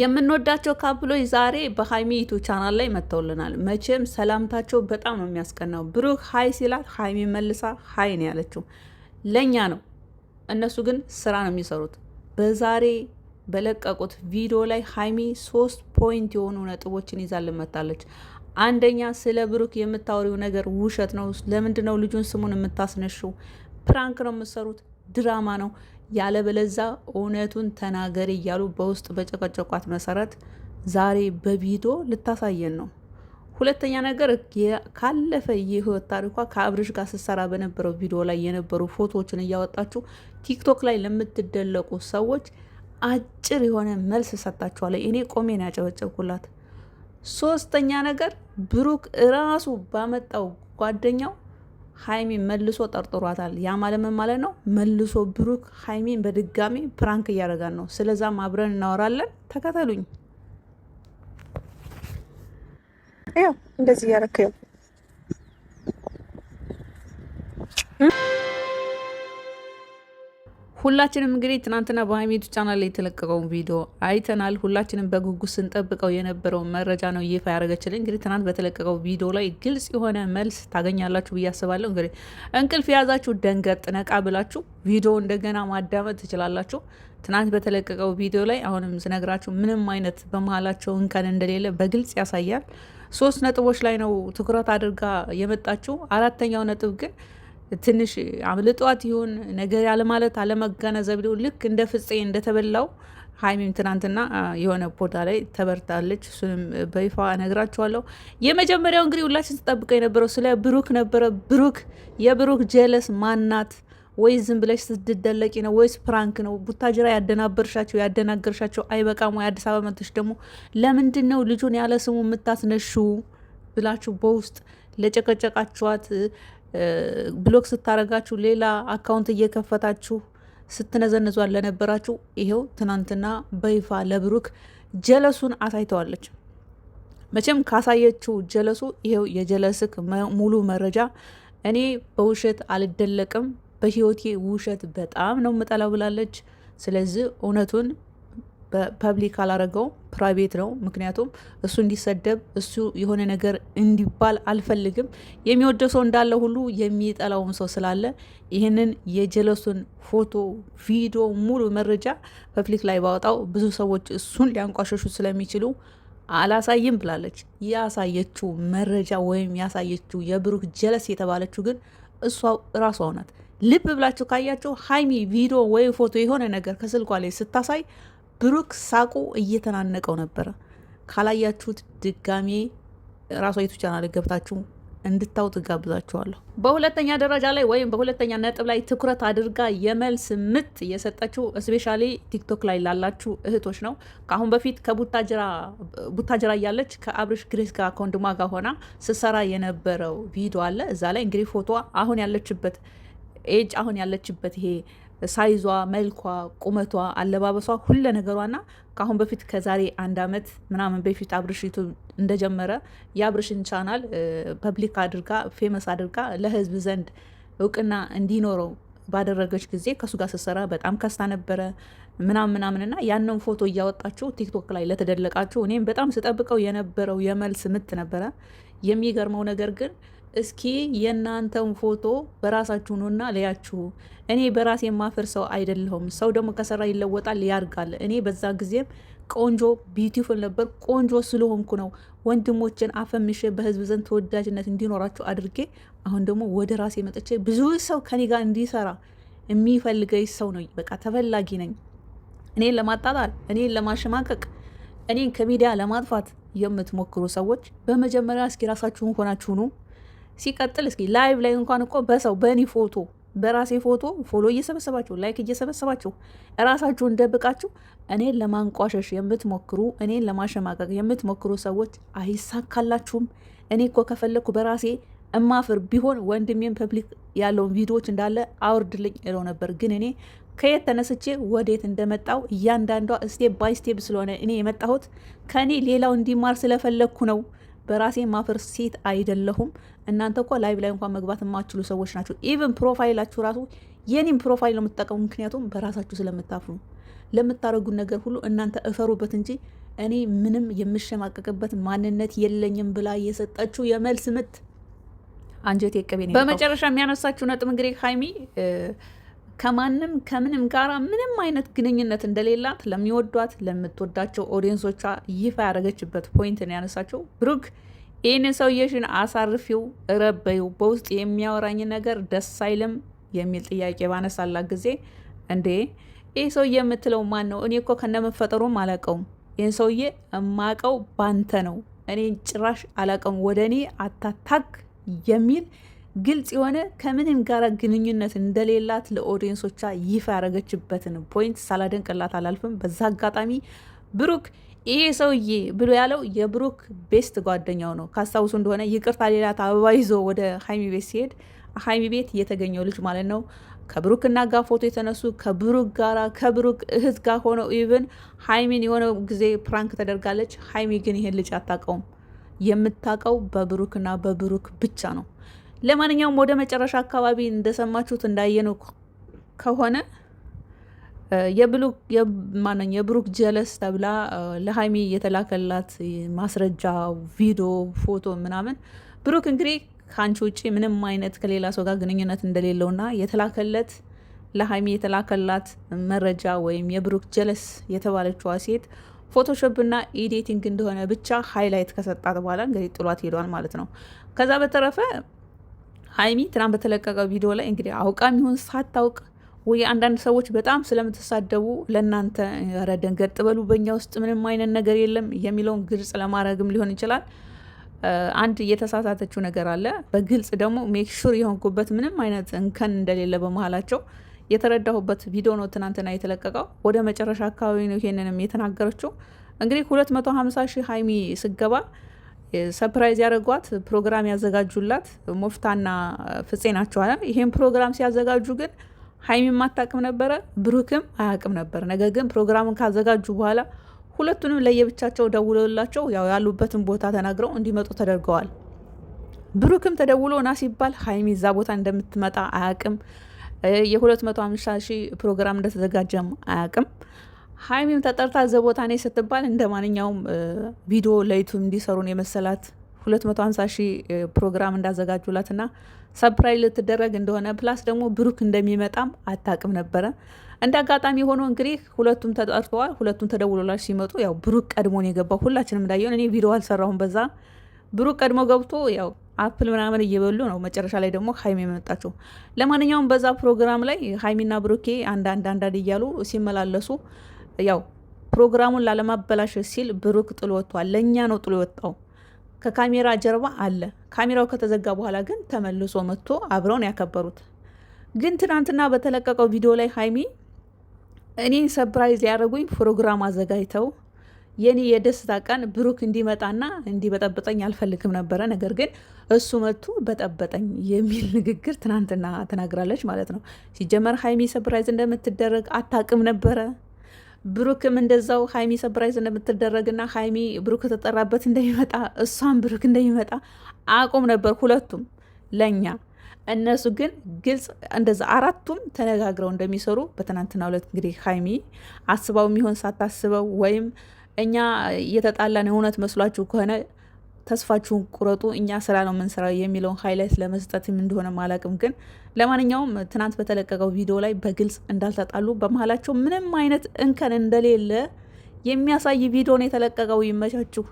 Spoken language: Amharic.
የምንወዳቸው ካፕሎች ዛሬ በሀይሚ ዩቱብ ቻናል ላይ መጥተውልናል። መቼም ሰላምታቸው በጣም ነው የሚያስቀናው። ብሩክ ሀይ ሲላት ሀይሚ መልሳ ሀይ ነው ያለችው። ለእኛ ነው፣ እነሱ ግን ስራ ነው የሚሰሩት። በዛሬ በለቀቁት ቪዲዮ ላይ ሀይሚ ሶስት ፖይንት የሆኑ ነጥቦችን ይዛልን መታለች። አንደኛ ስለ ብሩክ የምታወሪው ነገር ውሸት ነው። ለምንድነው ልጁን ስሙን የምታስነሹ? ፕራንክ ነው የምትሰሩት ድራማ ነው፣ ያለበለዛ እውነቱን ተናገሪ እያሉ በውስጥ በጨቀጨቋት መሰረት ዛሬ በቪዲዮ ልታሳየን ነው። ሁለተኛ ነገር ካለፈ የህይወት ታሪኳ ከአብርሽ ጋር ስትሰራ በነበረው ቪዲዮ ላይ የነበሩ ፎቶዎችን እያወጣችሁ ቲክቶክ ላይ ለምትደለቁ ሰዎች አጭር የሆነ መልስ ሰጥታችኋለች። እኔ ቆሜን ያጨበጨብኩላት። ሶስተኛ ነገር ብሩክ እራሱ ባመጣው ጓደኛው ሀይሚን መልሶ ጠርጥሯታል። ያ ማለምን ማለት ነው? መልሶ ብሩክ ሀይሚን በድጋሚ ፕራንክ እያደረጋን ነው። ስለዛም አብረን እናወራለን። ተከተሉኝ። ያው እንደዚህ እያረክ ሁላችንም እንግዲህ ትናንትና በሀይሚቱ ቻናል ላይ የተለቀቀውን ቪዲዮ አይተናል። ሁላችንም በጉጉት ስንጠብቀው የነበረውን መረጃ ነው ይፋ ያደረገችልን። እንግዲህ ትናንት በተለቀቀው ቪዲዮ ላይ ግልጽ የሆነ መልስ ታገኛላችሁ ብዬ አስባለሁ። እንግዲህ እንቅልፍ የያዛችሁ ደንገጥ ነቃ ብላችሁ ቪዲዮ እንደገና ማዳመጥ ትችላላችሁ። ትናንት በተለቀቀው ቪዲዮ ላይ አሁንም ስነግራችሁ ምንም አይነት በመሀላቸው እንከን እንደሌለ በግልጽ ያሳያል። ሶስት ነጥቦች ላይ ነው ትኩረት አድርጋ የመጣችው። አራተኛው ነጥብ ግን ትንሽ አምልጧት ይሆን ነገር ያለማለት አለመገናዘብ ሊሆን ልክ እንደ ፍፄ እንደተበላው ሀይሚም ትናንትና የሆነ ቦዳ ላይ ተበርታለች። እሱንም በይፋ እነግራችኋለሁ። የመጀመሪያው እንግዲህ ሁላችን ስጠብቀው የነበረው ስለ ብሩክ ነበረ። ብሩክ የብሩክ ጀለስ ማናት? ወይ ዝም ብለሽ ስትደለቂ ነው? ወይስ ፕራንክ ነው? ቡታጅራ ያደናበርሻቸው ያደናገርሻቸው አይበቃም ወይ? አዲስ አበባ መጥተሽ ደግሞ ለምንድን ነው ልጁን ያለ ስሙ የምታስነሹ ብላችሁ በውስጥ ለጨቀጨቃችኋት ብሎክ ስታረጋችሁ ሌላ አካውንት እየከፈታችሁ ስትነዘንዟን ለነበራችሁ ይሄው ትናንትና በይፋ ለብሩክ ጀለሱን አሳይተዋለች። መቼም ካሳየችው ጀለሱ ይሄው የጀለስክ ሙሉ መረጃ። እኔ በውሸት አልደለቅም፣ በህይወቴ ውሸት በጣም ነው የምጠላው ብላለች። ስለዚህ እውነቱን በፐብሊክ አላረገው ፕራይቬት ነው። ምክንያቱም እሱ እንዲሰደብ እሱ የሆነ ነገር እንዲባል አልፈልግም። የሚወደው ሰው እንዳለ ሁሉ የሚጠላውም ሰው ስላለ ይህንን የጀለሱን ፎቶ፣ ቪዲዮ ሙሉ መረጃ ፐብሊክ ላይ ባወጣው ብዙ ሰዎች እሱን ሊያንቋሸሹ ስለሚችሉ አላሳይም ብላለች። ያሳየችው መረጃ ወይም ያሳየችው የብሩክ ጀለስ የተባለችው ግን እሷ እራሷ ናት። ልብ ብላችሁ ካያቸው ሀይሚ ቪዲዮ ወይ ፎቶ የሆነ ነገር ከስልኳ ላይ ስታሳይ ብሩክ ሳቁ እየተናነቀው ነበረ። ካላያችሁት ድጋሜ ራሷ ዩቱብ ቻናል ገብታችሁ እንድታውት ጋብዛችኋለሁ። በሁለተኛ ደረጃ ላይ ወይም በሁለተኛ ነጥብ ላይ ትኩረት አድርጋ የመልስ ምት እየሰጠችው እስፔሻሊ ቲክቶክ ላይ ላላችሁ እህቶች ነው። ከአሁን በፊት ከቡታጀራ እያለች ከአብርሽ ግሬስ ጋር ከወንድሟ ጋር ሆና ስትሰራ የነበረው ቪዲዮ አለ። እዛ ላይ እንግዲህ ፎቶ አሁን ያለችበት ኤጅ አሁን ያለችበት ይሄ ሳይዟ፣ መልኳ፣ ቁመቷ፣ አለባበሷ፣ ሁለ ነገሯና ከአሁን በፊት ከዛሬ አንድ አመት ምናምን በፊት አብርሽቱ እንደጀመረ የአብርሽን ቻናል ፐብሊክ አድርጋ ፌመስ አድርጋ ለህዝብ ዘንድ እውቅና እንዲኖረው ባደረገች ጊዜ ከሱ ጋር ስትሰራ በጣም ከስታ ነበረ ምናምን ምናምንና ያንን ፎቶ እያወጣችሁ ቲክቶክ ላይ ለተደለቃችሁ እኔም በጣም ስጠብቀው የነበረው የመልስ ምት ነበረ። የሚገርመው ነገር ግን እስኪ የእናንተን ፎቶ በራሳችሁ ኑና ለያችሁ። እኔ በራሴ የማፍር ሰው አይደለሁም። ሰው ደግሞ ከሰራ ይለወጣል፣ ያድጋል። እኔ በዛ ጊዜም ቆንጆ ቢዩቲፉል ነበር። ቆንጆ ስለሆንኩ ነው ወንድሞችን አፈምሼ በህዝብ ዘንድ ተወዳጅነት እንዲኖራቸው አድርጌ፣ አሁን ደግሞ ወደ ራሴ መጥቼ ብዙ ሰው ከኔ ጋር እንዲሰራ የሚፈልገኝ ሰው ነው። በቃ ተፈላጊ ነኝ። እኔን ለማጣጣል፣ እኔን ለማሸማቀቅ፣ እኔን ከሚዲያ ለማጥፋት የምትሞክሩ ሰዎች በመጀመሪያ እስኪ ራሳችሁን ሆናችሁኑ ሲቀጥል እስኪ ላይቭ ላይ እንኳን እኮ በሰው በእኔ ፎቶ በራሴ ፎቶ ፎሎ እየሰበሰባችሁ ላይክ እየሰበሰባችሁ እራሳችሁን ደብቃችሁ እኔን ለማንቋሸሽ የምትሞክሩ እኔን ለማሸማቀቅ የምትሞክሩ ሰዎች አይሳካላችሁም። እኔ እኮ ከፈለግኩ በራሴ እማፍር ቢሆን ወንድሜን ፐብሊክ ያለውን ቪዲዮዎች እንዳለ አውርድልኝ እለው ነበር። ግን እኔ ከየት ተነስቼ ወዴት እንደመጣው እያንዳንዷ ስቴፕ ባይ ስቴፕ ስለሆነ እኔ የመጣሁት ከእኔ ሌላው እንዲማር ስለፈለግኩ ነው። በራሴ ማፈር ሴት አይደለሁም። እናንተ እኮ ላይቭ ላይ እንኳን መግባት የማችሉ ሰዎች ናቸው። ኢቨን ፕሮፋይላችሁ ራሱ የኔም ፕሮፋይል ነው የምትጠቀሙ። ምክንያቱም በራሳችሁ ስለምታፍሩ ለምታደረጉ ነገር ሁሉ እናንተ እፈሩበት እንጂ እኔ ምንም የምሸማቀቅበት ማንነት የለኝም ብላ የሰጠችው የመልስ ምት አንጀቴ ቅቤ ነው። በመጨረሻ የሚያነሳችሁ ነጥብ እንግዲህ ሀይሚ ከማንም ከምንም ጋራ ምንም አይነት ግንኙነት እንደሌላት ለሚወዷት ለምትወዳቸው ኦዲየንሶቿ ይፋ ያደረገችበት ፖይንት ነው ያነሳቸው። ብሩክ ይህን ሰውየሽን አሳርፊው፣ እረበይው፣ በውስጥ የሚያወራኝ ነገር ደስ አይልም የሚል ጥያቄ ባነሳላት ጊዜ እንዴ ይህ ሰውዬ የምትለው ማን ነው? እኔ እኮ ከነመፈጠሩም አላቀውም። ይህን ሰውዬ እማቀው ባንተ ነው። እኔ ጭራሽ አላቀውም። ወደ እኔ አታታክ የሚል ግልጽ የሆነ ከምንም ጋር ግንኙነት እንደሌላት ለኦዲየንሶቿ ይፋ ያደረገችበትን ፖይንት ሳላደንቅላት አላልፍም። በዛ አጋጣሚ ብሩክ ይሄ ሰውዬ ብሎ ያለው የብሩክ ቤስት ጓደኛው ነው። ካስታውሱ እንደሆነ ይቅርታ ሌላት አበባ ይዞ ወደ ሀይሚ ቤት ሲሄድ ሀይሚ ቤት የተገኘው ልጅ ማለት ነው። ከብሩክና ጋር ፎቶ የተነሱ ከብሩክ ጋር ከብሩክ እህት ጋር ሆነው ኢቭን ሀይሚን የሆነ ጊዜ ፕራንክ ተደርጋለች። ሀይሚ ግን ይሄን ልጅ አታውቀውም። የምታውቀው በብሩክና በብሩክ ብቻ ነው። ለማንኛውም ወደ መጨረሻ አካባቢ እንደሰማችሁት እንዳየነው ከሆነ የማነው የብሩክ ጀለስ ተብላ ለሀይሚ የተላከላት ማስረጃ ቪዲዮ፣ ፎቶ ምናምን ብሩክ እንግዲህ ከአንቺ ውጭ ምንም አይነት ከሌላ ሰው ጋር ግንኙነት እንደሌለውና የተላከለት ለሀይሚ የተላከላት መረጃ ወይም የብሩክ ጀለስ የተባለችዋ ሴት ፎቶሾፕ ና ኢዴቲንግ እንደሆነ ብቻ ሃይላይት ከሰጣት በኋላ እንግዲህ ጥሏት ሄዷል ማለት ነው። ከዛ በተረፈ ሀይሚ ትናንት በተለቀቀው ቪዲዮ ላይ እንግዲህ አውቃ ይሁን ሳታውቅ ወይ አንዳንድ ሰዎች በጣም ስለምትሳደቡ ለእናንተ ኧረ ደንገጥ በሉ በእኛ ውስጥ ምንም አይነት ነገር የለም የሚለውን ግልጽ ለማድረግም ሊሆን ይችላል። አንድ እየተሳሳተችው ነገር አለ። በግልጽ ደግሞ ሜክ ሹር የሆንኩበት ምንም አይነት እንከን እንደሌለ በመሀላቸው የተረዳሁበት ቪዲዮ ነው ትናንትና የተለቀቀው። ወደ መጨረሻ አካባቢ ነው ይሄንንም የተናገረችው። እንግዲህ 250 ሺህ ሀይሚ ስገባ ሰፕራይዝ ያደረጓት ፕሮግራም ያዘጋጁላት ሞፍታና ፍጼ ናቸው። ይሄን ፕሮግራም ሲያዘጋጁ ግን ሀይሚ ማታቅም ነበረ፣ ብሩክም አያቅም ነበር። ነገር ግን ፕሮግራሙን ካዘጋጁ በኋላ ሁለቱንም ለየብቻቸው ደውለውላቸው ያው ያሉበትን ቦታ ተናግረው እንዲመጡ ተደርገዋል። ብሩክም ተደውሎ ና ሲባል ሀይሚ እዛ ቦታ እንደምትመጣ አያቅም የ የ250 ሺህ ፕሮግራም እንደተዘጋጀም አያቅም ሀይሚም ተጠርታ ዘ ቦታ ነኝ ስትባል እንደ ማንኛውም ቪዲዮ ለዩቱብ እንዲሰሩን የመሰላት 250 ሺህ ፕሮግራም እንዳዘጋጁላትና ሰፕራይዝ ልትደረግ እንደሆነ ፕላስ ደግሞ ብሩክ እንደሚመጣም አታቅም ነበረ። እንደ አጋጣሚ ሆኖ እንግዲህ ሁለቱም ተጠርተዋል። ሁለቱም ተደውሎላች ሲመጡ ያው ብሩክ ቀድሞን የገባው ሁላችንም እንዳየሆን እኔ ቪዲዮ አልሰራሁም በዛ ብሩክ ቀድሞ ገብቶ ያው አፕል ምናምን እየበሉ ነው። መጨረሻ ላይ ደግሞ ሀይሚ የመጣቸው። ለማንኛውም በዛ ፕሮግራም ላይ ሀይሚና ብሩኬ አንዳንድ አንዳንድ እያሉ ሲመላለሱ ያው ፕሮግራሙን ላለማበላሽ ሲል ብሩክ ጥሎ ወጥቷል። ለእኛ ነው ጥሎ ወጣው ከካሜራ ጀርባ አለ። ካሜራው ከተዘጋ በኋላ ግን ተመልሶ መጥቶ አብረውን ያከበሩት። ግን ትናንትና በተለቀቀው ቪዲዮ ላይ ሀይሚ እኔን ሰፕራይዝ ሊያደርጉኝ ፕሮግራም አዘጋጅተው የኔ የደስታ ቀን ብሩክ እንዲመጣና እንዲበጠበጠኝ አልፈልግም ነበረ፣ ነገር ግን እሱ መቱ በጠበጠኝ የሚል ንግግር ትናንትና ተናግራለች ማለት ነው። ሲጀመር ሀይሚ ሰፕራይዝ እንደምትደረግ አታውቅም ነበረ። ብሩክም እንደዛው ሀይሚ ሰብራይዝ እንደምትደረግና ሀይሚ ብሩክ ተጠራበት እንደሚመጣ እሷን ብሩክ እንደሚመጣ አቁም ነበር ሁለቱም ለእኛ እነሱ ግን ግልጽ እንደዛ አራቱም ተነጋግረው እንደሚሰሩ በትናንትና ሁለት እንግዲህ ሀይሚ አስባው የሚሆን ሳታስበው ወይም እኛ እየተጣላን የእውነት መስሏችሁ ከሆነ ተስፋችሁን ቁረጡ፣ እኛ ስራ ነው የምንሰራው የሚለውን ሃይላይት ለመስጠትም እንደሆነ አላቅም። ግን ለማንኛውም ትናንት በተለቀቀው ቪዲዮ ላይ በግልጽ እንዳልተጣሉ በመሀላቸው ምንም አይነት እንከን እንደሌለ የሚያሳይ ቪዲዮ ነው የተለቀቀው። ይመቻችሁ።